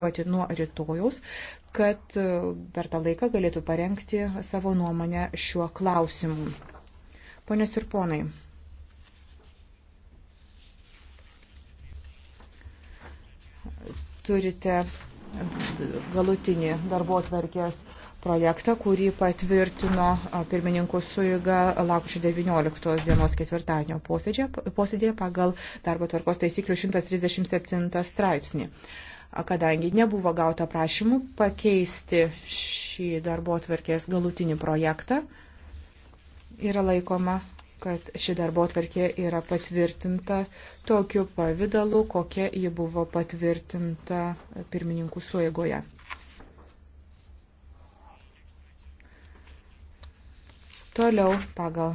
balsuoti nuo rytojaus, kad e, per tą laiką galėtų parengti savo nuomonę šiuo klausimu. Ponės ir ponai. Turite galutinį darbo atverkės projektą, kurį patvirtino pirmininkų suiga lakučio 19 dienos ketvirtadienio posėdėje pagal darbo tvarkos taisyklių 137 straipsnį kadangi nebuvo gauta prašymų pakeisti šį darbo atverkės galutinį projektą, yra laikoma, kad ši darbo atverkė yra patvirtinta tokiu pavydalu, kokia ji buvo patvirtinta pirmininkų suėgoje. Toliau pagal